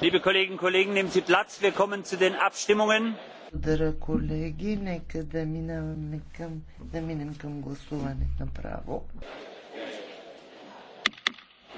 Liebe Kolleginnen und Kollegen, nehmen Sie Platz. Wir kommen zu den Abstimmungen. Дъра колеги, нека да, минаваме към, да минем към гласуване направо.